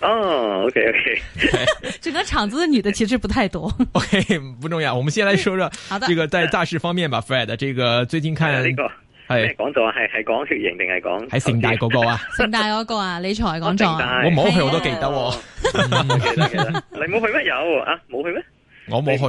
哦、oh,，OK OK， 整個場子的女的其實不太多。 OK，不重要，我們先來說說。好的，這個在大事方面吧，Fred，這個最近看呢。 這個係講座啊，係係講血型定係講喺盛大嗰個啊？盛 大嗰個啊？理財講座、啊。啊、我冇去 我都記得我，我記得記你冇去咩有啊？冇去咩？我冇去，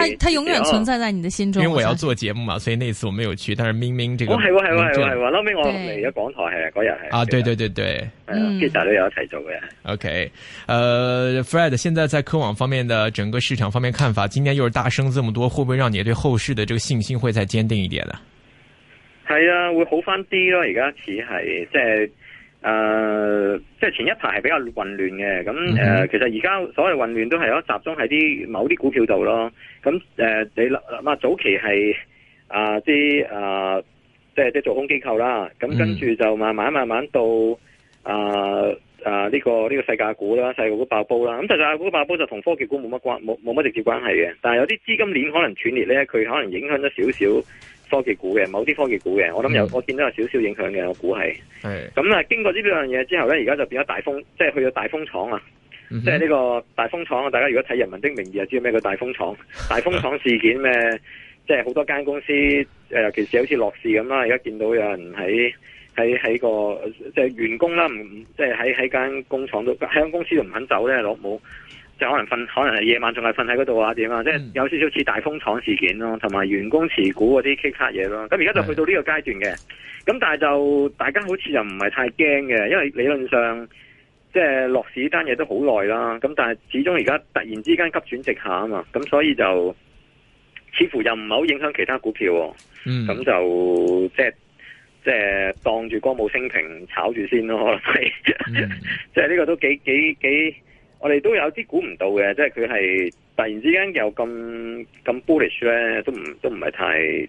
佢佢永遠存在在你的心中。因為我要做節目嘛，所以那次我沒有去。但是明明這個係喎係喎係喎係喎，拉俾、哦、我嚟咗港台係嗰日係。啊對對對對，其實都有一齊做嘅。嗯。OK，呃，Fred，現在在科網方面嘅整個市場方面看法，今天又是大升這麼多，會不會讓你對後市嘅這個信心會再堅定一點呢？係啊，會好翻啲咯，而家似係即係。誒、呃，即係前一排係比較混亂嘅，咁誒、mm hmm. 呃，其實而家所謂混亂都係有集中喺啲某啲股票度咯。咁誒、呃，你諗，啊、呃，早期係啊啲誒，即係啲、呃、做空機構啦。咁、mm hmm. 跟住就慢慢慢慢到啊、呃、啊，呢、這個呢、這個世界股啦，世界股爆煲啦。咁其實世界股爆煲就同科技股冇乜關，冇冇乜直接關係嘅。但係有啲資金鏈可能斷裂咧，佢可能影響咗少少。科技股嘅，某啲科技股嘅，我諗有，嗯、我見到有少少影響嘅，我估係。係咁啊，經過呢兩樣嘢之後咧，而家就變咗大風，即係去咗大風廠啊！嗯、哼即係呢個大風廠，大家如果睇人民的名義就知咩叫大風廠，大風廠事件咩？ 即係好多間公司誒，嗯、尤其是好似樂視咁啦，而家見到有人喺喺喺個即係、就是、員工啦，唔即係喺喺間工廠度響公司度唔肯走咧，攞冇。可能瞓，可能係夜晚仲係瞓喺嗰度啊？嗯、有一點啊？即係有少少似大風廠事件咯，同埋員工持股嗰啲棘卡嘢咯、啊。咁而家就去到呢個階段嘅，咁是的 但係就大家好似又唔係太驚嘅，因為理論上即係落市呢單嘢都好耐啦。咁但係始終而家突然之間急轉直下啊嘛，咁所以就似乎又唔係好影響其他股票、啊。嗯，咁就即係即係當住歌舞升平炒住先咯。嗯、 即係呢個都幾幾幾。幾我哋都有啲估唔到嘅，即係佢係突然之間又咁咁 bullish 咧，都唔都唔係太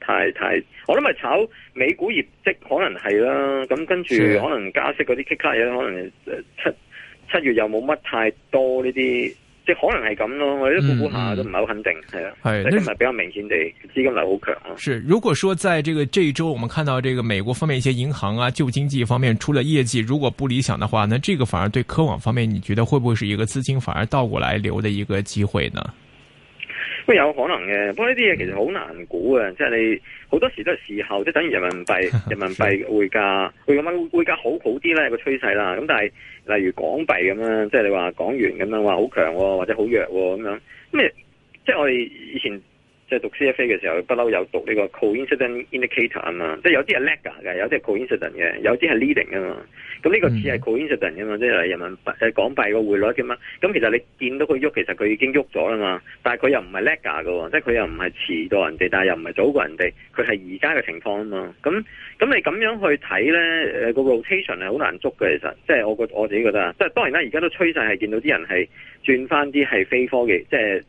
太太。我諗係炒美股業績可能係啦、啊，咁跟住可能加息嗰啲 kick card 嘢，可能七七月又冇乜太多呢啲。即可能係咁咯，我覺得估估下都唔係好肯定，係啊，但係比較明顯地資金流好強咯。是，如果說在這個這一周，我們看到這個美國方面一些銀行啊，舊經濟方面出了業績如果不理想的話，那這個反而對科網方面，你覺得會不會是一個資金反而倒過來流的一個機會呢？都有可能嘅，不過呢啲嘢其實好難估啊！即係你好多時都係時候，即係等於人民幣，人民幣匯價會咁會匯價好好啲咧個趨勢啦？咁但係例如港幣咁樣，即係你話港元咁樣話好強、哦、或者好弱咁、哦、樣，即係我哋以前。即係讀 CFA 嘅時候，不嬲有讀呢個 coincident indicator 啊嘛，即係有啲係 lag 嘅，有啲係 coincident 嘅，有啲係 leading 啊嘛。咁呢個似係 coincident 啊嘛，即係人民幣港幣個匯率啊嘛。咁其實你見到佢喐，其實佢已經喐咗啦嘛。但係佢又唔係 lag 嘅喎，即係佢又唔係遲到人哋，但係又唔係早過人哋，佢係而家嘅情況啊嘛。咁咁你咁樣去睇咧，誒個 rotation 係好難捉嘅，其實即係我個我自己覺得啊。即係當然啦，而家都趨勢係見到啲人係轉翻啲係非科嘅，即係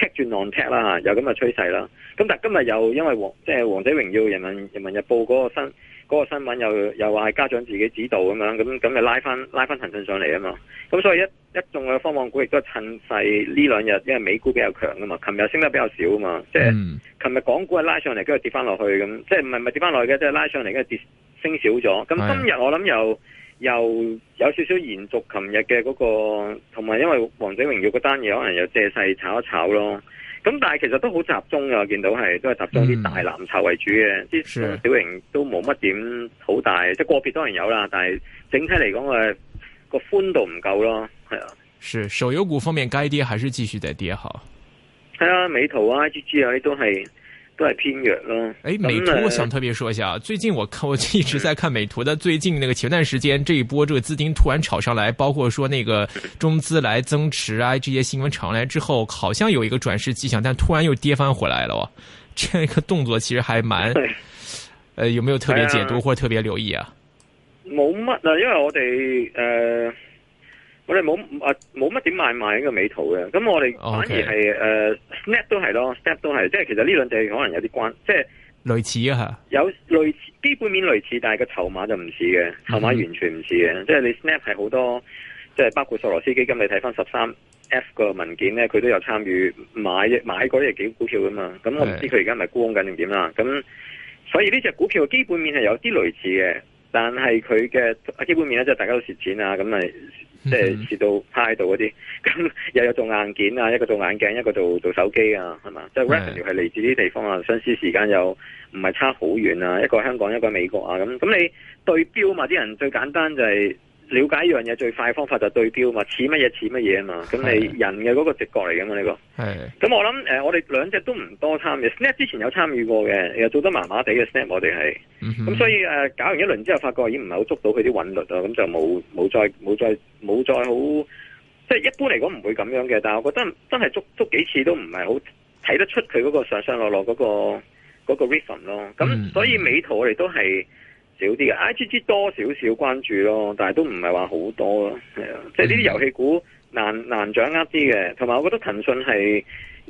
tech 轉 non-tech 啦嚇，有咁嘅趨勢。係啦，咁但係今日又因為王即係《王者榮耀》，人民人民日報嗰個新嗰個新聞又又話係家長自己指導咁樣，咁咁就拉翻拉翻騰訊上嚟啊嘛，咁所以一一眾嘅科網股亦都趁勢呢兩日，因為美股比較強啊嘛，琴日升得比較少啊嘛，即係琴日港股係拉上嚟，跟住跌翻落去咁，即係唔係唔係跌翻落去嘅，即係拉上嚟，跟住跌升少咗。咁今日我諗又是又有少少延續琴日嘅嗰個，同埋因為《王者榮耀》嗰單嘢可能又借勢炒一炒咯。咁但係其實都好集中噶，我見到係都係集中啲大藍籌為主嘅，啲、嗯、小型都冇乜點好大，即係個別當然有啦，但係整體嚟講誒個寬度唔夠咯，係啊。是手遊股方面，該跌還是繼續在跌好。係啊，美圖啊、IGG 啊啲都係。都係偏弱咯。誒，美圖我想特別說一下，最近我看我一直在看美圖的，但最近那個前段時間這一波這個資金突然炒上來，包括說那個中資來增持啊，這些新聞炒上來之後，好像有一個轉勢迹象，但突然又跌翻回來了，哦。哇，這樣一個動作其實還蠻，呃，有沒有特別解讀或特別留意啊？冇乜啊，因為我哋誒。呃我哋冇啊冇乜點買賣呢個美圖嘅，咁我哋反而係誒 Okay.、uh, Snap 都係咯，Snap 都係，即係其實呢兩隻可能有啲關，即係類似啊吓。有類似基本面類似，但係個籌碼就唔似嘅，籌碼完全唔似嘅，mm hmm. 即係你 Snap 係好多，即係包括索羅斯基金你睇翻十三 F 個文件咧，佢都有參與買嗰買過啲幾個股票噶嘛，咁我唔知佢而家咪沽緊緊定點啦，咁所以呢隻股票基本面係有啲類似嘅。但係佢嘅基本面咧，就大家都蝕錢啊，咁咪即係蝕到派到嗰啲，咁又有做硬件啊，一個做眼鏡，一個做做手機啊，係嘛？即係 Revenue 係嚟自呢啲地方啊，相思時間又唔係差好遠啊，一個係香港，一個係美國啊，咁咁你對標嘛？啲人最簡單就係、是。了解一樣嘢最快方法就對標嘛，似乜嘢似乜嘢啊嘛，咁是的 你人嘅嗰個直覺嚟嘅嘛呢個。係。咁是的 我諗、呃、我哋兩隻都唔多參與，Snap 之前有參與過嘅，又做得麻麻地嘅 Snap，我哋係。咁、嗯、哼 所以、呃、搞完一輪之後，發覺已經唔係好捉到佢啲韻律啦，咁就冇冇再冇再冇再好，即係一般嚟講唔會咁樣嘅，但我覺得真係捉捉，捉幾次都唔係好睇得出佢嗰個上上落落嗰、那個嗰、那個 rhythm 咯。咁、嗯、哼 所以美圖我哋都係。少啲嘅，IGG 多少少關注咯，但係都唔係話好多咯，係啊，即係呢啲遊戲股難難掌握啲嘅，同埋我覺得騰訊係誒、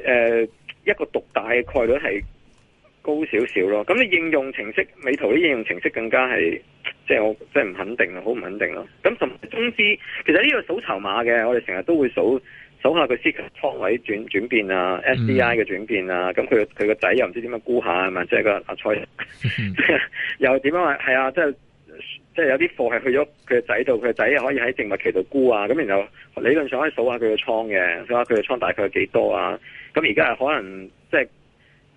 呃、一個獨大嘅概率係高少少咯。咁你應用程式美圖啲應用程式更加係即係我即係唔肯定咯，好唔肯定咯。咁甚至中資其實呢個數籌碼嘅，我哋成日都會數。數下佢 c r 倉位轉轉變啊，SDI 嘅轉變啊，咁佢佢個仔又唔知點樣估下係嘛，即係個阿蔡，又點樣話係啊？即係即係有啲貨係去咗佢嘅仔度，佢嘅仔又可以喺靜物期度估啊，咁然後理論上可以數下佢嘅倉嘅，數下佢嘅倉大概有幾多啊？咁而家係可能即係、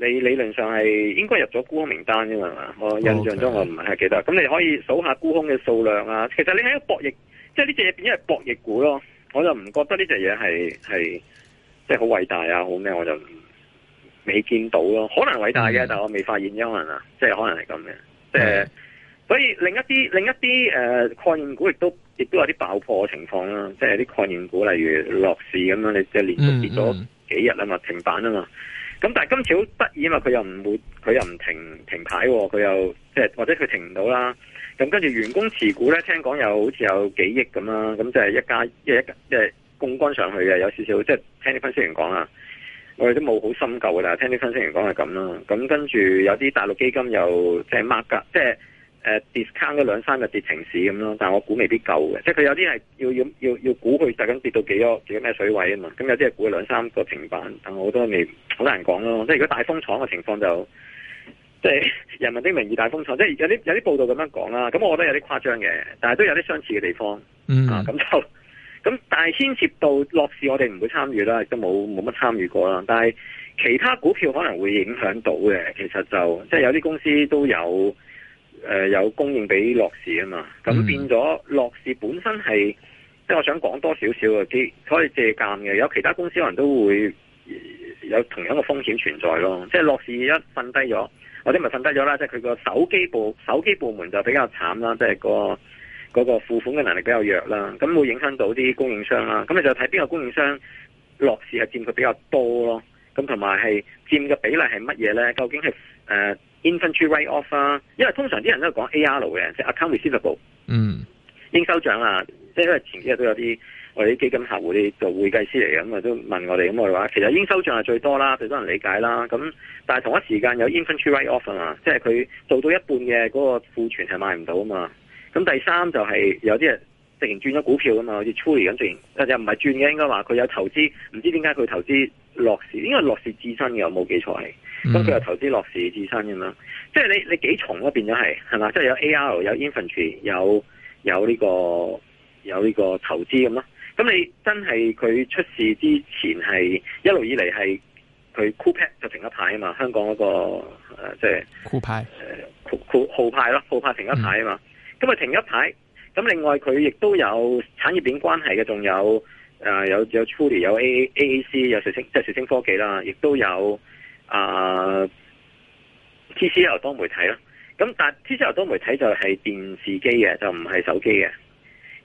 就是、你理論上係應該入咗沽空名單咋嘛？我印象中我唔係記得，咁 Okay. 你可以數下沽空嘅數量啊。其實你喺一個博弈，即係呢隻嘢變咗係博弈股咯。我就唔覺得呢隻嘢係係即係好偉大啊，好咩？我就未見到咯，可能偉大嘅，嗯、但我未發現，嗯、可能啊，即係可能係咁嘅。即係、嗯、所以另一啲另一啲誒概念股亦都亦都有啲爆破嘅情況啦，即係啲概念股例如樂視咁樣，你即係連續跌咗幾日啊、嗯、嘛，停板啊嘛。咁但係今次好得意啊嘛，佢又唔會佢又唔停停牌，佢又即係或者佢停唔到啦。咁跟住員工持股咧，聽講有好似有幾億咁啦、啊，咁就係一家一一家即係槓桿上去嘅，有少少即係聽啲分析員講啊，我哋都冇好深究㗎啦，聽啲分析員講係咁啦。咁跟住有啲大陸基金又即係 mark 㗎，即係 discount 咗兩三個跌停市咁咯。但我估未必夠嘅，即係佢有啲係要要要要估佢究竟跌到幾多幾多咩水位啊嘛。咁有啲係估咗兩三個停板，但我都未好難講咯。即係如果大風廠嘅情況就。即係人民的名義大風潮，即係有啲有啲報道咁樣講啦，咁我覺得有啲誇張嘅，但係都有啲相似嘅地方，嗯咁、mm hmm. 啊、就咁，但係牽涉到樂視，我哋唔會參與啦，亦都冇冇乜參與過啦。但係其他股票可能會影響到嘅，其實就即係、mm hmm. 有啲公司都有誒、呃、有供應俾樂視啊嘛，咁變咗樂視本身係即係我想講多少少嘅，啲可以借鑑嘅，有其他公司可能都會，有同樣嘅風險存在咯，即係樂視一瞓低咗，或者咪瞓低咗啦，即係佢個手機部手機部門就比較慘啦，即係、個嗰、個付款嘅能力比較弱啦，咁會影響到啲供應商啦，咁你就睇邊個供應商樂視係佔佢比較多咯，咁同埋係佔嘅比例係乜嘢咧？究竟係、uh, inventory write off 啊，因為通常啲人都係講 AR 嘅，即、就、係、是、account receivable，嗯，應收帳啊，即係因為前幾日都有啲。我哋啲基金客戶啲做會計師嚟嘅，咁啊都問我哋，咁我哋話，其實應收帳係最多啦，最多人理解啦。咁但係同一時間有 inventory write off 啊嘛，即係佢做到一半嘅嗰個庫存係賣唔到啊嘛。咁第三就係、是、有啲人直情轉咗股票啊嘛，好似倉嚟緊直情，但係又唔係轉嘅，應該話佢有投資，唔知點解佢投資樂視，應該樂視自身嘅，冇記錯係。咁佢又投資樂視自身咁咯，即係你你幾重咯，變咗係係嘛？即係有 A R 有 inventory 有有呢、這個有呢個投資咁咯。咁你真係佢出事之前係一路以嚟係佢酷派就停一排啊嘛，香港嗰、那個誒即係酷派誒酷酷酷派咯，酷派停一排啊嘛，咁啊停一排，咁另外佢亦都有產業鏈關係嘅，仲有誒、呃、有有 Truly 有 A A C 有瑞星即係瑞星科技啦，亦都有 TCL、呃、多媒體啦，咁但係 TCL 多媒體就係電視機嘅，就唔係手機嘅，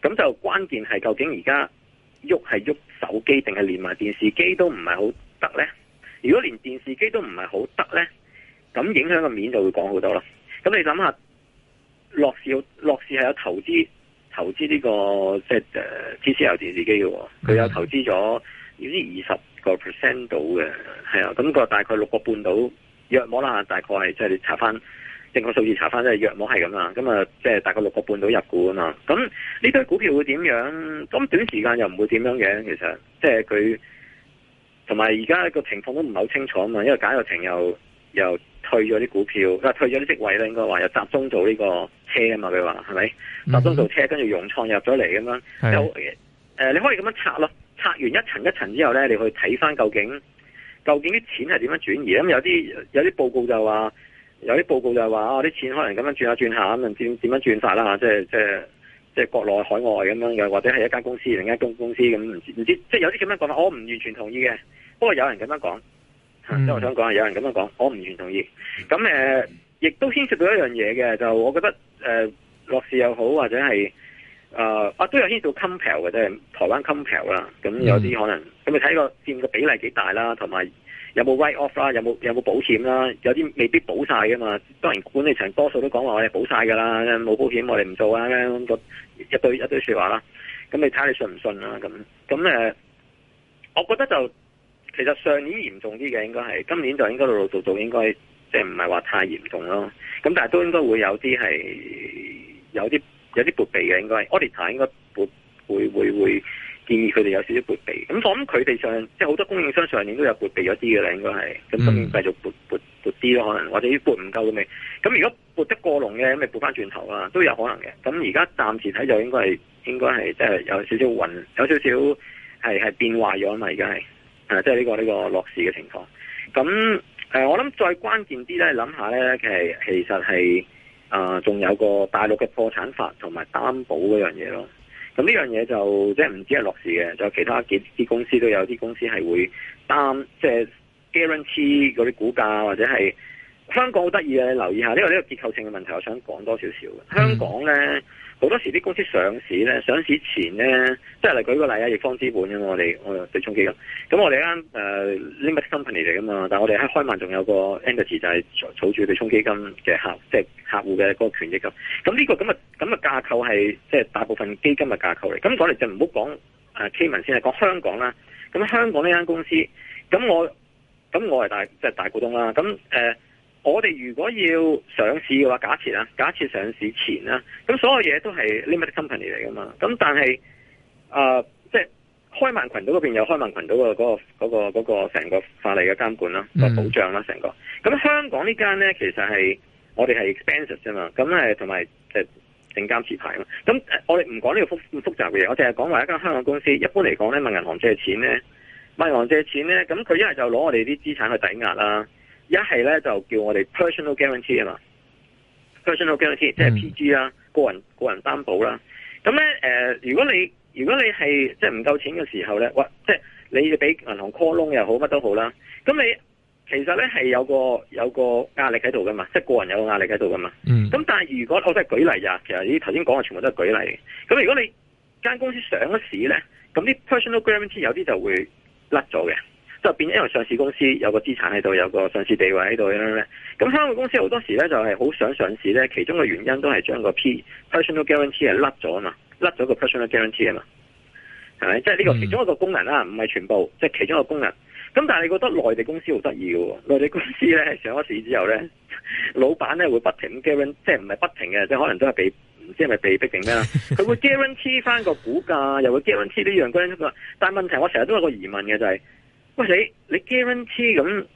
咁就關鍵係究竟而家。喐係喐手機定係連埋電視機都唔係好得咧？如果連電視機都唔係好得咧，咁影響個面就會廣好多啦。咁你諗下，樂視樂視係有投資投資呢、呢個即係 TCL 電視機嘅，佢有投資咗總之二十個 percent 到嘅，係啊，咁、個大概六個半到，約摸啦，大概係即係你查翻。正確數字查翻咧，約摸係咁啊，咁啊，即係大概六個半到入股啊嘛。咁呢堆股票會點樣？咁短時間又唔會點樣嘅，其實即係佢同埋而家個情況都唔係好清楚啊嘛。因為賈躍亭又又退咗啲股票，呃、退咗啲職位咧，應該話又集中做呢個車啊嘛。佢話係咪集中做車？跟住融創入咗嚟咁樣，就誒是的、呃、你可以咁樣拆咯，拆完一層一層之後咧，你去睇翻究竟究竟啲錢係點樣轉移？咁有啲有啲報告就話。有啲報告就係話啊，啲錢可能咁樣轉下轉下咁，唔知點樣轉法啦吓，即係即係即係國內海外咁樣嘅，或者係一間公司另一間公公司咁，唔知唔知，即係有啲咁樣講法，我唔完全同意嘅。不過有人咁樣講，即係、嗯啊、我想講，有人咁樣講，我唔完全同意。咁、呃、亦都牽涉到一樣嘢嘅，就我覺得誒，樂視又好或者係、呃、啊啊都有牽涉到 compel 嘅，即係台灣 compel 啦。咁有啲可能，咁你睇個佔嘅比例幾大啦，同埋。有冇 write off 啦？有冇有冇保險啦？有啲未必保曬噶嘛。當然管理層多數都講話我哋保曬噶啦，冇保險我哋唔做啊咁，那個一堆一堆説話啦。咁你睇下你信唔信啦，啊？咁咁我覺得就其實上年嚴重啲嘅，應該係今年就應該陸陸續續應該即係唔係話太嚴重咯。咁但係都應該會有啲係有啲有啲撥備嘅應該，auditor 應該撥會會會會。會會建議佢哋有少少撥備，咁我諗佢哋上即係好多供應商上年都有撥備咗啲嘅喇，應該係咁今年繼續撥撥撥啲咯，可能或者撥唔夠咁咪，咁如果撥得過濃嘅咁咪撥翻轉頭啦，都有可能嘅。咁而家暫時睇就應該係應該係即係有少少運，有少少係係變壞咗嘛，而家係即係呢個呢個落市嘅情況。咁、呃、我諗再關鍵啲呢，諗下呢，其實其實係呃、仲有個大陸嘅破產法同埋擔保嗰樣嘢咯。咁呢樣嘢就即係唔止係樂視嘅，就其他幾啲公司都有啲公司係會擔即係、就是、guarantee 嗰啲股價，或者係香港好得意嘅。你留意下，呢個呢個結構性嘅問題，我想講多少少嘅香港咧。好多時啲公司上市咧，上市前咧，即係嚟舉個例啊，易方資本咁啊，我哋我哋對沖基金，咁我哋間 limited company 嚟噶嘛，但係我哋喺開曼仲有個 entity 就係儲住對沖基金嘅客，即係客戶嘅嗰個權益咁，咁呢個咁嘅咁嘅架構係即係大部分基金嘅架構嚟，咁我哋就唔好講誒開曼先係講香港啦，咁香港呢間公司，咁我咁我係大即係大股東啦，咁誒。呃我哋如果要上市嘅話，假設啊，假設上市前啦，咁所有嘢都係 limited company 嚟噶嘛，咁但係，啊，呃，即係開曼群島嗰邊有開曼群島個嗰個嗰個嗰個成個法例嘅監管啦，個保障啦，成個。咁，嗯，香港呢間咧，其實係我哋係 expenses 啫嘛，咁係同埋即整監持牌嘛。咁我哋唔講呢個複複雜嘅嘢，我淨係講埋一間香港公司。一般嚟講咧，問銀行借錢咧，問銀行借錢咧，咁佢一係就攞我哋啲資產去抵押啦。一係咧就叫我哋 personal guarantee 啊嘛，personal guarantee 即係 PG 啦，嗯、個人個人擔保啦。咁咧、呃、如果你如果你係即係唔夠錢嘅時候咧，哇！即係你要俾銀行 call loan 又好乜都好啦。咁你其實咧係有個有個壓力喺度噶嘛，即係個人有個壓力喺度噶嘛。咁、嗯、但係如果我都係舉例呀，其實你頭先講嘅全部都係舉例。咁如果你間公司上咗市咧，咁啲 personal guarantee 有啲就會甩咗嘅。就變成因為上市公司有個資產喺度，有個上市地位喺度咁樣咧。咁香港公司好多時咧就係好想上市咧，其中嘅原因都係將個 P personal guarantee 係甩咗啊嘛，甩咗個 personal guarantee 啊嘛，係咪？即係呢個其中一個功能啦，唔係全部，即、就、係、是、其中一個功能。咁但係你覺得內地公司好得意嘅喎，內地公司咧上咗市之後咧，老闆咧會不停 g u a r a n t 即係唔係不停嘅，即係可能都係被唔知係咪被逼定咩啦？佢會 guarantee 翻個股價，又會 guarantee 呢樣，但係問題，我成日都有個疑問嘅就係、是。喂，你你 guarantee 咁，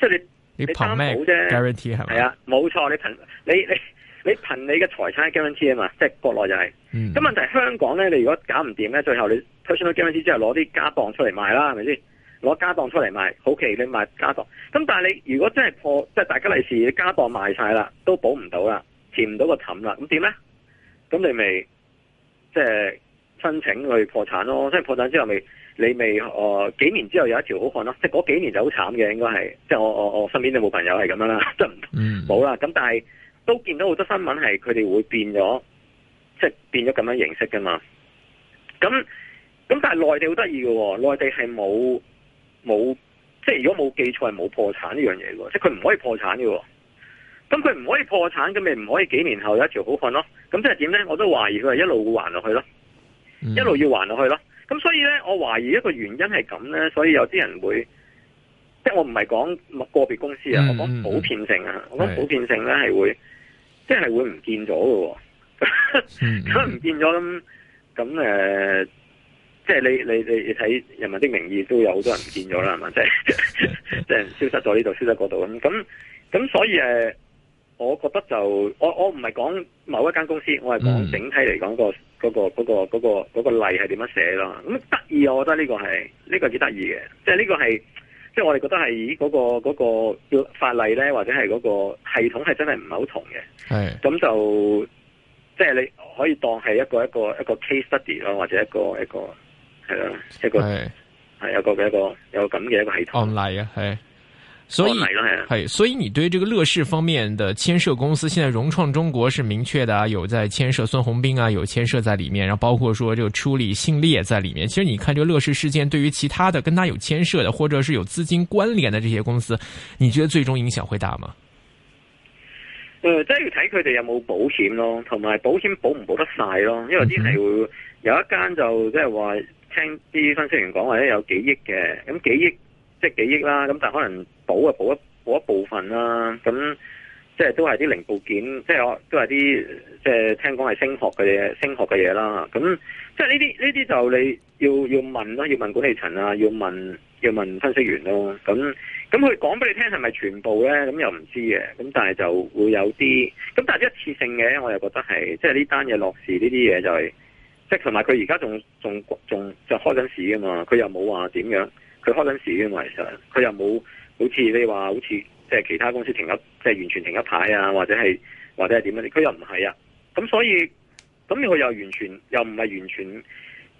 即係你你憑咩？你擔保啫，guarantee 係咪？係啊，冇錯，你憑你你憑你憑你嘅財產 guarantee 啊嘛，即係國內就係、是。咁、嗯、問題係香港咧，你如果搞唔掂咧，最後你 personal guarantee 之後攞啲家當出嚟賣啦，係咪先？攞家當出嚟賣，好期你賣家當。咁但係你如果真係破，即係大吉利是，你家當賣晒啦，都補唔到啦，填唔到個氹啦，咁點咧？咁你咪即係。申請去破產咯，即係破產之後咪你咪誒、呃、幾年之後有一條好漢咯，即係嗰幾年就好慘嘅應該係，即係我我我身邊都冇朋友係咁樣啦，即唔得？冇啦，咁但係都見到好多新聞係佢哋會變咗，即係變咗咁樣形式噶嘛。咁咁但係內地好得意嘅喎，內地係冇冇，即係如果冇記錯係冇破產呢樣嘢喎，即係佢唔可以破產嘅喎。咁佢唔可以破產，咁咪唔可以幾年後有一條好漢咯。咁即係點咧？我都懷疑佢係一路會還落去咯。一路要還落去咯，咁所以咧，我懷疑一個原因係咁咧，所以有啲人會，即係我唔係講個別公司啊，嗯、我講普遍性啊，嗯、我講普遍性咧係會，是的即係會唔見咗噶，咁唔、嗯、 見咗咁，咁誒、呃，即係你你你你睇《人民的名義》都有好多人唔見咗啦，係嘛、嗯，即係即係消失咗呢度，消失嗰度咁，咁咁所以誒，我覺得就我我唔係講某一間公司，我係講整體嚟講個。嗯嗰個嗰個嗰個嗰個例係點樣寫囉？咁得意，我覺得呢個係呢個幾得意嘅，即係呢個係即係我哋覺得係嗰個嗰個法例呢，或者係嗰個系統係真係唔係好同嘅。咁是就即係你可以當係一個一個一個 case study 咯，或者一個一個係咯一個係有個嘅一個是有咁嘅一個系統案例啊，係。所以，係、嗯啊、所以你對這個樂視方面的牽涉公司，現在融創中國是明確的啊，有在牽涉孫宏斌啊，有牽涉在裏面，然後包括說這個處理信烈在裏面。其實你看，這個樂視事件對於其他的跟他有牽涉的，或者是有資金關聯的這些公司，你覺得最終影響會大嗎？誒、嗯哼，即係要睇佢哋有冇保險咯，同埋保險保唔保得晒咯，因為之前會有一間就即係話聽啲分析員講話者有幾億嘅，咁幾億。即係幾億啦，咁但係可能補啊補一補一部分啦，咁即係都係啲零部件，即係我都係啲即係聽講係升學嘅嘢，升學嘅嘢啦，咁即係呢啲呢啲就你要要問咯，要問管理層啊，要問要問分析員咯，咁咁佢講俾你聽係咪全部咧？咁又唔知嘅，咁但係就會有啲，咁但係一次性嘅，我又覺得係即係呢單嘢樂視呢啲嘢就係即係同埋佢而家仲仲仲就開緊市啊嘛，佢又冇話點樣。佢開緊市嘅，嘛，其實佢又冇好似你話，好似即係其他公司停一即係完全停一排啊，或者係或者係點樣？佢又唔係啊，咁所以咁佢又完全又唔係完全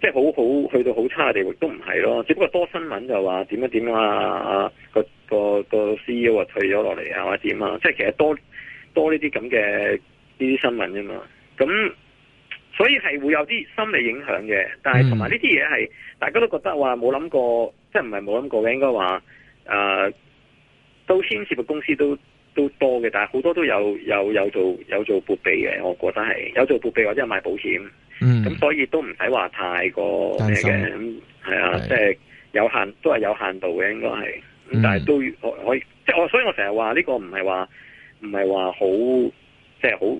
即係、就是、好好去到好差嘅地步都唔係咯，只不過多新聞就話點樣點啊，啊個個個 CEO 啊退咗落嚟啊或者點啊，即係其實多多呢啲咁嘅呢啲新聞啫嘛，咁。所以係會有啲心理影響嘅，但係同埋呢啲嘢係大家都覺得話冇諗過，即係唔係冇諗過嘅，應該話誒、呃、都牽涉嘅公司都都多嘅，但係好多都有有有做有做撥備嘅，我覺得係有做撥備或者係買保險，咁、嗯、所以都唔使話太過咩嘅，咁係啊，即係、就是、有限都係有限度嘅，應該係，咁、嗯、但係都可以，即係我所以我成日話呢個唔係話唔係話好即係好。就是好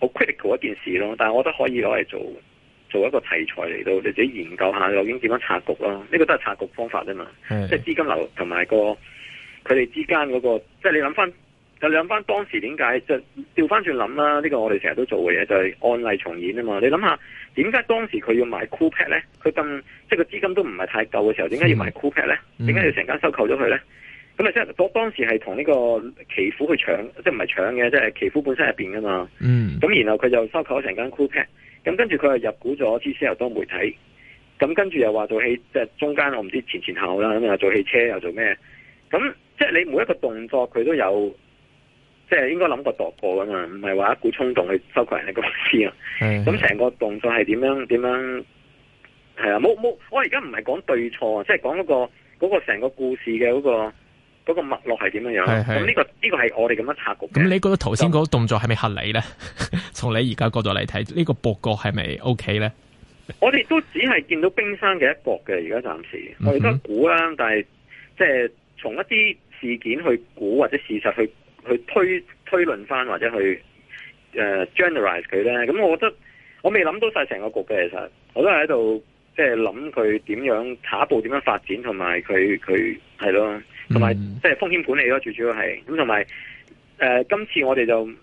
好 critical 一件事咯，但係我覺得可以攞嚟做做一個題材嚟到，你自己研究下究竟點樣拆局囉。呢、這個都係拆局方法啫嘛，是的 即係資金流同埋、那個佢哋之間嗰、那個，即係你諗翻，就諗翻當時點解，即係調翻轉諗啦。呢、這個我哋成日都做嘅嘢就係、是、案例重演啊嘛。你諗下，點解當時佢要買 Coolpad 咧？佢咁即係個資金都唔係太夠嘅時候，點解要買 Coolpad 咧？點解、嗯、要成間收購咗佢咧？咁即係嗰當時係同呢個奇虎去搶，即係唔係搶嘅，即係奇虎本身入邊噶嘛。嗯。咁然後佢就收購咗成間酷派，咁跟住佢又入股咗 TCL 多媒體，咁跟住又話做汽，即係中間我唔知前前後啦，咁又做汽車又做咩？咁即係你每一個動作佢都有，即係應該諗過度過噶嘛，唔係話一股衝動去收購人哋公司啊。咁成是的 個動作係點樣點樣？係啊，冇冇，我而家唔係講對錯，即係講嗰個嗰個成個故事嘅嗰個。嗰個脈絡係點樣樣？咁呢是是、這個呢、這個係我哋咁樣拆局。咁你覺得頭先嗰個動作係咪合理咧？從 你而家角度嚟睇，呢、這個布局係咪 OK 咧？我哋都只係見到冰山嘅一角嘅，而家暫時我哋都係估啦。嗯、哼但係即係從一啲事件去估或者事實去去推推論翻或者去誒 generalize 佢咧。咁、uh, 我覺得我未諗到晒成個局嘅，其實我都係喺度即係諗佢點樣下一步點樣發展，同埋佢佢係咯。同埋即係風險管理咯，最主要係咁同埋誒，今次我哋就唔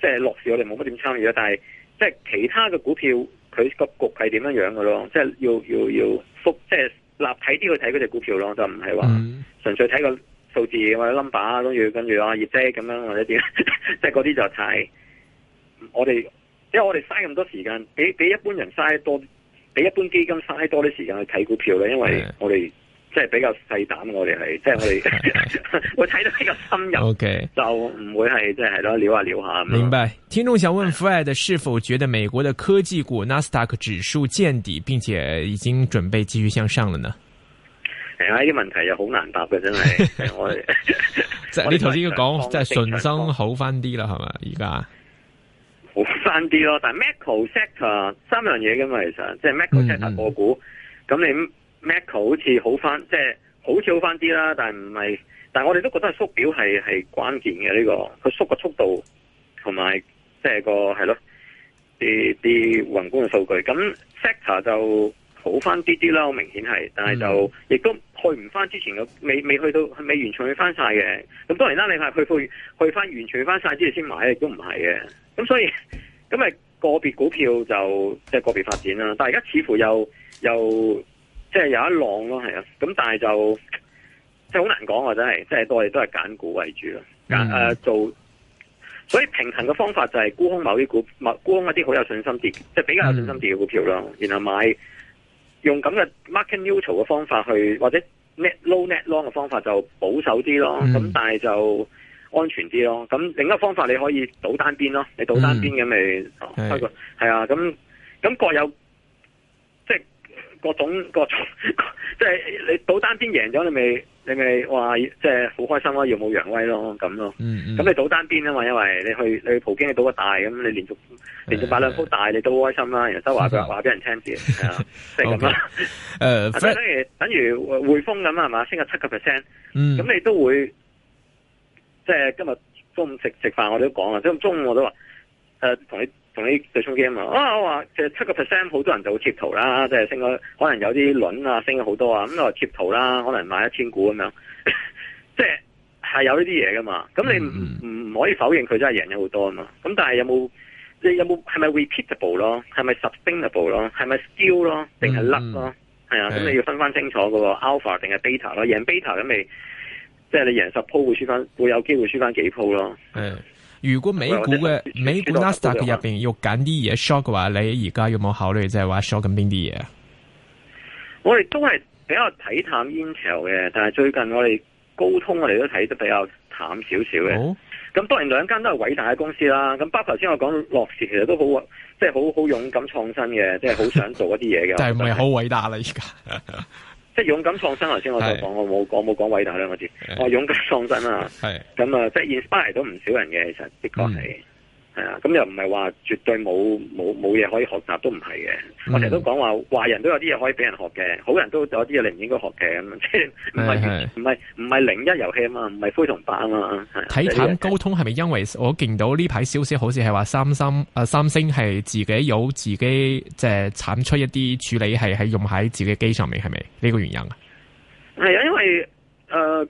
即係樂視，我哋冇乜點參與啦。但係即係其他嘅股票，佢個局係點樣樣嘅咯，即係要要要複，即係立體啲去睇嗰隻股票咯，就唔係話純粹睇個數字或者 number 啊，跟住跟住啊，業績咁樣或者點，即係嗰啲就睇我哋，即係我哋嘥咁多時間，比比一般人嘥多，比一般基金嘥多啲時間去睇股票咧，因為我哋。即係比較細膽，我哋係即係我哋，我會睇到比較深入，就唔會係即係咯，撩下撩下。明白。聽眾想問 Fred 是否覺得美國嘅科技股 NASDAQ 指數見底，並且已經準備繼續向上了呢？係啊，呢啲問題又好難答嘅，真係。我即係你頭先講，即係信心好翻啲啦，係咪？而家好翻啲咯，但係 macro sector 三樣嘢噶嘛，其實即係 macro sector 我估咁你。Mac 好似好翻，即係好似好翻啲啦，但係唔係，但係我哋都覺得係縮表係係關鍵嘅呢個，佢縮個速度同埋即係個係咯啲啲宏觀嘅數據，咁 sector 就好翻啲啲啦，我明顯係，但係就亦都去唔翻之前嘅，未未去到，未完全去翻晒嘅。咁當然啦，你係去去翻完全去翻晒之後先買，亦都唔係嘅。咁所以咁咪個別股票就即係個別發展啦，但係而家似乎又又。即係有一浪咯，係、嗯、啊，咁但係就即係好難講啊，真係，即係我哋都係揀股為主咯，揀誒做，所以平衡嘅方法就係沽空某啲股，買沽空一啲好有信心啲，即、就、係、是、比較有信心啲嘅股票咯，嗯、然後買用咁嘅 market neutral 嘅方法去，或者 net low net long 嘅方法就保守啲咯，咁、嗯、但係就安全啲咯。咁另一個方法你可以賭單邊咯，你賭單邊咁咪，不過，係啊，咁咁各有。各種各種，即係你賭單邊贏咗，你咪你咪話即係好開心咯，耀武揚威咯，咁咯。咁、嗯嗯、你賭單邊啊嘛，因為你去你去葡京你賭個大咁，你連續、嗯嗯、連續買兩鋪大，嗯嗯、你都開心啦。嗯、然之後都話話俾人聽住，係啊、嗯，即係咁啦。誒，即係等於等於匯豐咁係嘛，升咗七個 percent。咁、嗯、你都會，即、就、係、是、今日中午食食飯我哋都講啦，即係中午我都話，誒、呃，同你。用啲對沖機啊嘛，啊、哦、我話其實七個 percent，好多人就會貼圖啦，即係升咗，可能有啲輪啊升咗好多啊，咁就貼圖啦，可能買一千股咁樣， 即係係有呢啲嘢噶嘛。咁你唔唔、嗯、可以否認佢真係贏咗好多啊嘛，咁但係有冇即你有冇係咪 repeatable 咯，係咪 sustainable 咯，係咪 skill 咯，定係 luck 咯，係啊的，咁的你要分翻清楚個 alpha 定係 beta 咯，贏 beta 咁咪即係你贏十鋪會輸翻，會有機會輸翻幾鋪咯。如果美股嘅美股 NASDAQ 入邊要揀啲嘢 short 嘅話，嗯、你而家有冇考慮即係話 short 緊邊啲嘢？我哋都係比較睇淡 Intel 嘅，但係最近我哋高通我哋都睇得比較淡少少嘅。咁、哦、當然兩間都係偉大嘅公司啦。咁包括頭先我講樂視，其實都好即係好好勇敢創新嘅，即係好想做一啲嘢嘅， 就係唔係好偉大啦而家。即係勇敢創新，頭先我就講是，我冇講冇講偉大兩個字，我話的、哦、勇敢創新啊，咁啊的，即係 inspire 到唔少人嘅，其實的確係。嗯係啊，咁又唔係話絕對冇冇冇嘢可以學習都唔係嘅，嗯、我哋都講話壞人都有啲嘢可以俾人學嘅，好人都有啲嘢你唔應該學嘅，咁即係唔係唔係唔係零一遊戲啊嘛，唔係灰同白啊嘛，係、啊、體產高通係咪因為我見到呢排消息，好似係話三星啊三星係自己有自己即係、就是、產出一啲處理係喺用喺自己機上面係咪呢個原因啊？係啊，因為誒。呃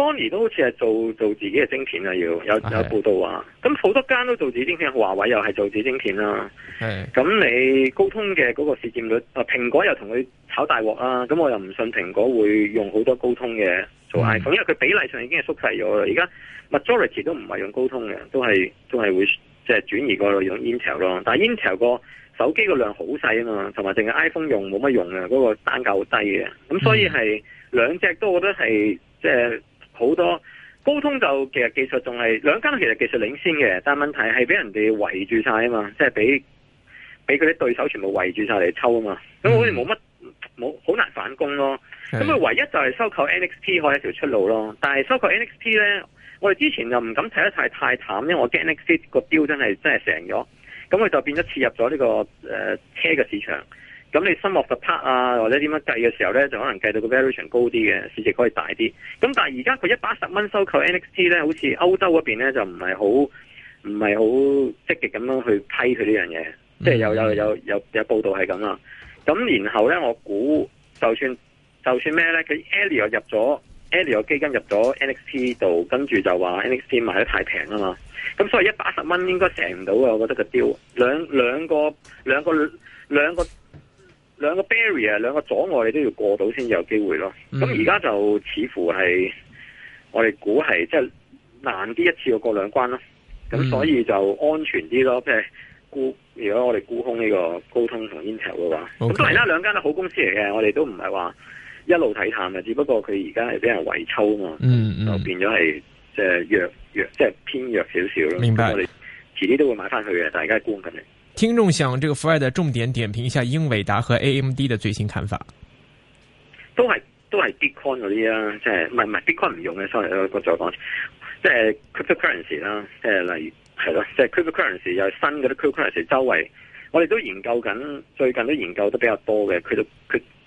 Sony 都好似係做做自己嘅晶片啊，要有有報道話，咁好是的 多間都做自己晶片，華為又係做自己晶片啦。咁是的 你高通嘅嗰個市佔率，啊蘋果又同佢炒大鑊啦。咁我又唔信蘋果會用好多高通嘅做 iPhone，嗯、因為佢比例上已經係縮細咗啦。而家 majority 都唔係用高通嘅，都係都係會即係、就是、轉移過用 Intel 咯。但係 Intel 個手機的量很小的、那個量好細啊嘛，同埋淨係 iPhone 用冇乜用啊，嗰個單價好低嘅。咁所以係、嗯、兩隻都，我覺得係即係。就是好多高通就其實技術仲係兩間其實技術領先嘅，但係問題係俾人哋圍住晒啊嘛，即係俾俾佢啲對手全部圍住晒嚟抽啊嘛，咁、嗯、好似冇乜冇好難反攻咯。咁佢的唯一就係收購 NXP 開一條出路咯。但係收購 NXP 咧，我哋之前就唔敢睇得太太淡，因為我驚 NXP 個標真係真係成咗，咁佢就變咗切入咗呢、這個誒、呃、車嘅市場。咁你新樂嘅 part 啊，或者點樣計嘅時候咧，就可能計到個 valuation 高啲嘅，市值可以大啲。咁但係而家佢一百一十蚊收購 NXP 咧，好似歐洲嗰邊咧就唔係好唔係好積極咁樣去批佢呢樣嘢，嗯、即係有有有有有報道係咁啊。咁然後咧，我估就算就算咩咧，佢 Elliott、e、入咗 Elliott 基金入咗 NXP 度，跟住就話 NXP 賣得太平啊嘛。咁所以一百一十蚊應該成唔到啊，我覺得個 deal，兩兩兩個兩個，兩個兩個兩個 barrier，兩個阻礙，你都要過到先有機會咯。咁而家就似乎係我哋估係即係難啲一,一次過過兩關咯。咁、嗯、所以就安全啲咯。即係估，如果我哋沽空呢個高通同 Intel 嘅話，咁 Okay. 當然啦，兩間都好公司嚟嘅。我哋都唔係話一路睇淡啊，只不過佢而家係俾人圍抽啊嘛，嗯嗯、就變咗係即係弱弱，即係偏弱少少咯。明白。我哋遲啲都會買翻去嘅，大家觀緊嚟聽眾想，這個福愛的重點點評一下英偉達和 AMD 的最新看法。都係都係、啊就是、bitcoin 嗰啲啦，即係唔係唔係 bitcoin 唔用嘅，sorry，我再講，即係 crypto currency 啦，即係例如係咯，即係 crypto currency 又係新嗰啲 crypto currency 周圍，我哋都研究緊，最近都研究得比較多嘅，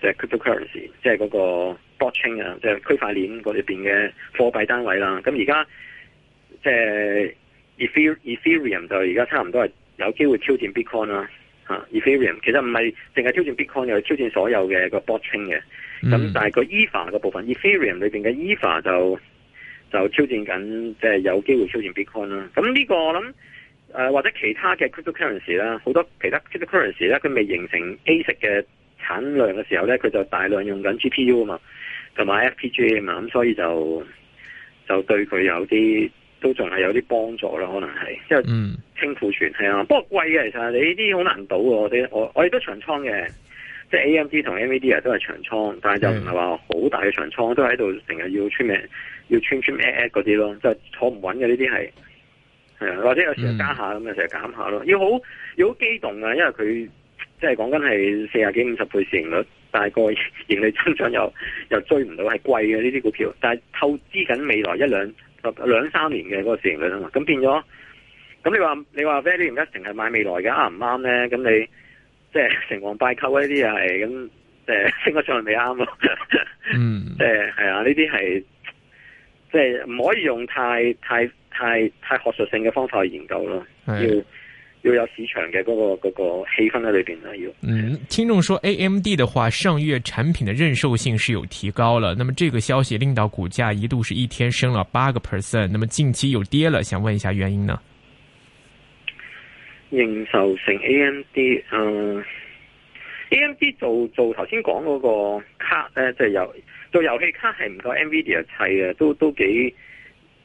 即係 crypto currency，即係嗰個 block chain 啊，即係區塊鏈嗰裏邊嘅貨幣單位啦。咁而家即係 ethereum，就而家差唔多係。有機會挑戰 Bitcoin 啦，Ethereum 其實唔係淨係挑戰 Bitcoin，又挑戰所有嘅個 Blockchain 嘅。咁但係個 EVA 個部分，Ethereum 裏面嘅 EVA 就就挑戰緊，即係有機會挑戰 Bitcoin 啦。咁呢個我諗誒或者其他嘅 Cryptocurrency 啦，好多其他 Cryptocurrency 咧，佢未形成 ASIC 嘅產量嘅時候咧，佢就大量用緊 GPU 啊嘛，同埋 FPGA 啊嘛，咁所以就就對佢有啲。都仲係有啲幫助啦，可能係，即係清庫存係啊，不過貴嘅其實你呢啲好難倒喎。我我哋都長倉嘅，即係 A M D 同 M V D 啊都係長倉，但係就唔係話好大嘅長倉，都喺度成日要穿名，要穿穿壓嗰啲咯，即係坐唔穩嘅呢啲係係啊，或者有時候加下咁啊，成日減下咯，要好要好機動啊，因為佢即係講緊係四十幾五十倍市盈率，但係個盈利增長又又追唔到，係貴嘅呢啲股票，但係透支緊未來一兩。兩三年嘅嗰個市盈率啦，咁變咗，咁你話你話 value investing 唔一定係買未來嘅啱唔啱咧？咁你即係、就是、成王敗寇呢啲又係咁，即係升個上未啱咯、嗯就是。嗯，即係係啊，呢啲係即係唔可以用太太太太學術性嘅方法去研究咯，要。要有市場嘅嗰、那個嗰、那個氣氛喺裏邊啦，要嗯，聽眾說 A M D 嘅話，上月產品嘅認受性是有提高了，那麼這個消息令到股價一度是一天升了八個 percent，那麼近期又跌了，想問一下原因呢？認受性 A M D，嗯、呃、，A M D 做做頭先講嗰個卡咧，即、就、係、是、做遊戲卡係唔夠 N V D 砌嘅，都都幾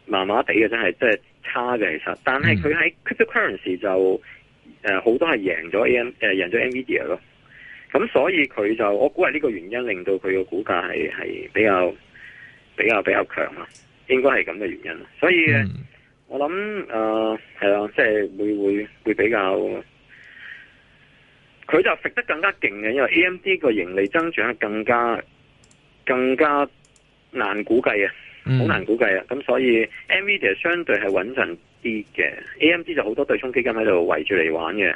麻麻地嘅，真係即係。就是差嘅其實，但係佢喺 cryptocurrency 就誒好、呃、多係贏咗 A M 誒贏咗 Nvidia 咯，咁所以佢就我估係呢個原因令到佢個股價係係比較比較比較強喇，應該係咁嘅原因，所以、嗯、我諗誒係咯，即係會會會比較，佢就食得更加勁嘅，因為 A M D 個盈利增長係更加更加難估計啊。好、嗯、難估計啊，咁所以 MVD 係相對係穩陣啲嘅 AMD 就好多對沖基金喺度圍住嚟玩嘅，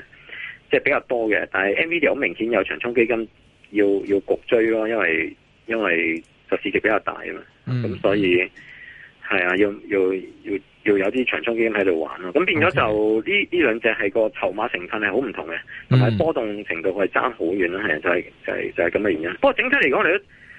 即係比較多嘅。但係 MVD 好明顯有長沖基金要要焗追咯，因為因為就市值比較大啊嘛，咁、嗯、所以係啊，要要要要有啲長沖基金喺度玩咯。咁變咗就呢呢兩隻係個籌碼成分係好唔同嘅，同埋波動程度係爭好遠啦，係就係就係就係咁嘅原因。不過整體嚟講，我哋。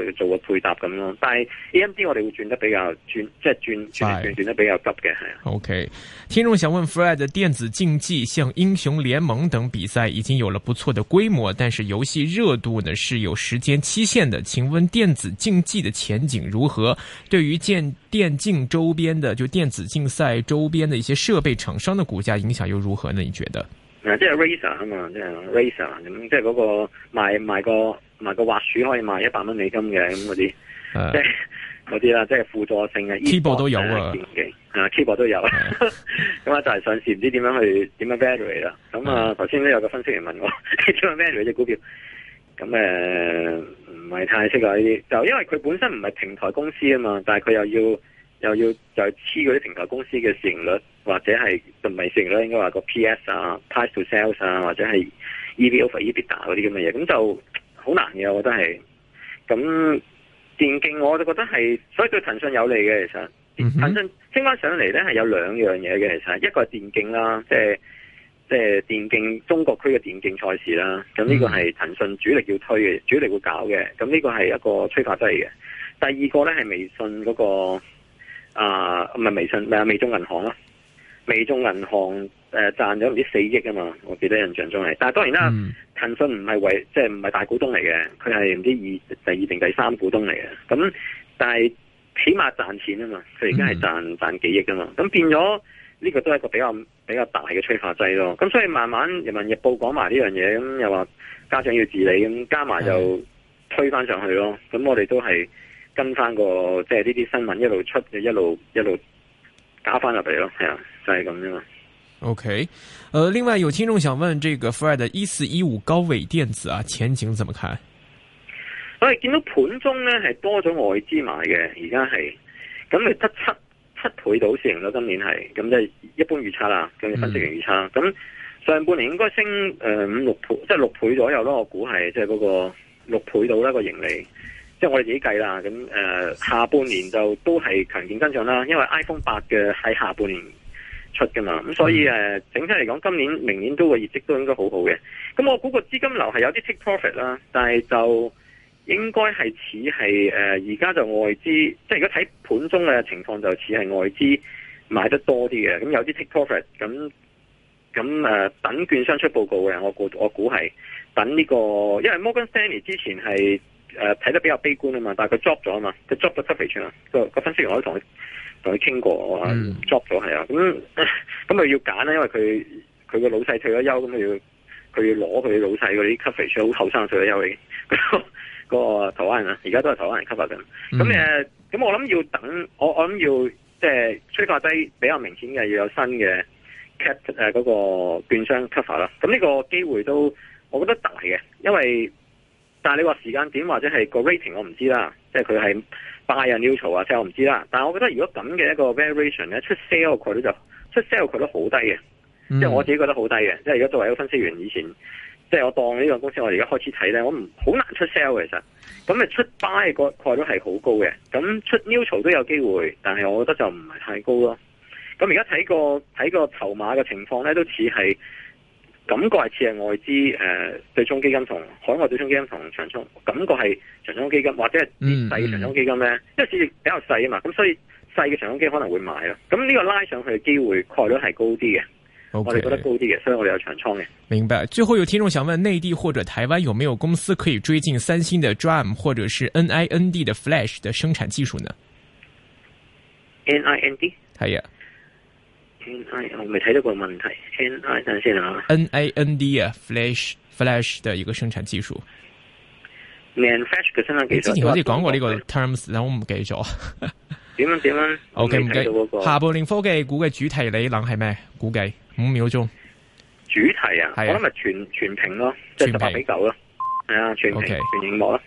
就做個配搭咁咯，但係 AMD 我哋會轉得比較轉，即係轉轉轉得比較急嘅係啊。O、okay. K，聽眾想問 Fred，電子競技像英雄聯盟等比賽已經有了不錯的規模，但是遊戲熱度呢是有時間期限的。請問電子競技的前景如何？對於建電競周邊的就電子競賽周邊的一些設備廠商的股價影響又如何呢？你覺得？即係 Razer 啊、就是 er、嘛，即、就、係、是、Razer 咁、嗯，即係嗰個賣賣個。同埋個滑鼠可以賣一百蚊美金嘅咁嗰啲，即係嗰啲啦，即係輔助性嘅 keyboard 都有啊，啊 keyboard 都有、啊是的 嗯，咁啊就係、是、上次唔知點樣去點樣 value 佢啦。咁啊頭先都有個分析員問我 點樣 value 佢隻股票，咁誒唔係太識呢啲，就因為佢本身唔係平台公司啊嘛，但係佢又要又要就黐嗰啲平台公司嘅市盈率，或者係唔係市盈率應該話個 PS 啊，price to sales 啊，或者係、e、EV over EBITDA 嗰啲咁嘅嘢，咁就。好難嘅，我覺得係，咁電競我就覺得係，所以對騰訊有利嘅其實。騰訊升翻上嚟咧，係、hmm. 有兩樣嘢嘅其實，一個係電競啦，即係即係電競中國區嘅電競賽事啦。咁呢個係騰訊主力要推嘅，主力會搞嘅。咁呢個係一個催化劑嘅。第二個咧係微信嗰、那個啊，唔、呃、係微信，係啊微眾銀行啦。微眾銀行誒，賺咗唔知四億啊嘛，我記得印象中係，但係當然啦，騰訊唔係為即係唔係大股東嚟嘅，佢係唔知二第二定第、第三股東嚟嘅，咁但係起碼賺錢啊嘛，佢而家係賺賺幾億啊嘛，咁變咗呢、這個都係一個比較比較大嘅催化劑咯，咁所以慢慢人民日報講埋呢樣嘢，咁又話家長要治理，咁加埋就推翻上去咯，咁、嗯、我哋都係跟翻個即係呢啲新聞一路出嘅一路一路加翻入嚟咯，係啊。就係咁樣 OK，呃，另外有聽眾想問，這個 Fred 一四一五高偉電子啊，前景怎麼看？我哋見到盤中咧係多咗外資買嘅，而家係，咁佢得七七倍到先咯，今年係，咁即係一般預測啦，咁嘅分析師預測，咁、嗯、上半年應該升誒五、呃、六倍，即、就、係、是、六倍左右咯，我估係，即係嗰個六倍到啦個盈利，即、就、係、是、我哋自己計啦，咁誒、呃、下半年就都係強勁增長啦，因為 iPhone 八嘅喺下半年。出嘅嘛，咁所以誒，整體嚟講，今年、明年都個業績都應該好好嘅。咁我估個資金流係有啲 take profit 啦，但係就應該係似係誒，而、呃、家就外資，即係如果睇盤中嘅情況，就似係外資買得多啲嘅。咁有啲 take profit，咁咁誒等券商出報告嘅，我估我估係等呢、這個，因為 Morgan Stanley 之前係誒睇得比較悲觀啊嘛，但係佢 drop 咗啊嘛，佢 drop 咗七肥串啊，個個分析員我都同佢。同佢傾過，我 job 咗係啊，咁咁、嗯、要揀咧，因為佢佢個老細退咗休，咁佢要佢要攞佢老細嗰啲 coverage，好後生退咗休嘅嗰個台灣人啊，而家都係台灣人 cover 緊。咁咁、嗯呃、我諗要等，我我諗要即係催化劑比較明顯嘅，要有新嘅 cap 嗰、呃那個券商 cover 啦。咁呢個機會都我覺得大嘅，因為但係你話時間點或者係個 rating 我唔知啦，即係佢係 buy 啊 neutral 啊，即係我唔知啦，但係我覺得如果咁嘅一個 variation 咧，出 sale 嘅概率就出 sale 嘅概率好低嘅，mm. 即係我自己覺得好低嘅，即係而家作為一個分析員，以前即係我當呢個公司我而家開始睇咧，我唔好難出 sale 嘅，其實咁咪出 buy 嘅概率係好高嘅，咁出 neutral 都有機會，但係我覺得就唔係太高咯。咁而家睇個睇個籌碼嘅情況咧，都似係。感覺係似係外資誒、呃、對沖基金同海外對沖基金同長倉，感覺係長倉基金或者係細長倉基金咧，嗯、因為市值比較細啊嘛，咁所以細嘅長倉基金可能會買咯。咁呢個拉上去嘅機會概率係高啲嘅，okay, 我哋覺得高啲嘅，所以我哋有長倉嘅。明白。最後有聽眾想問，內地或者台灣有沒有公司可以追進三星嘅 DRAM 或者是 NAND 嘅 Flash 嘅生產技術呢？NAND 係啊、哎。我未睇到個問題。N 等先啊。N A N D 啊，Flash Flash 的一個生產技術。你之前好似講過呢個 terms，但我唔記咗。點樣點樣，OK 唔記得嗰個。下半年科技股嘅主題你諗係咩？估計五秒鐘。主題啊，我諗咪全全屏咯，即係十八比九咯。係啊，全屏、哦、全屏幕咯。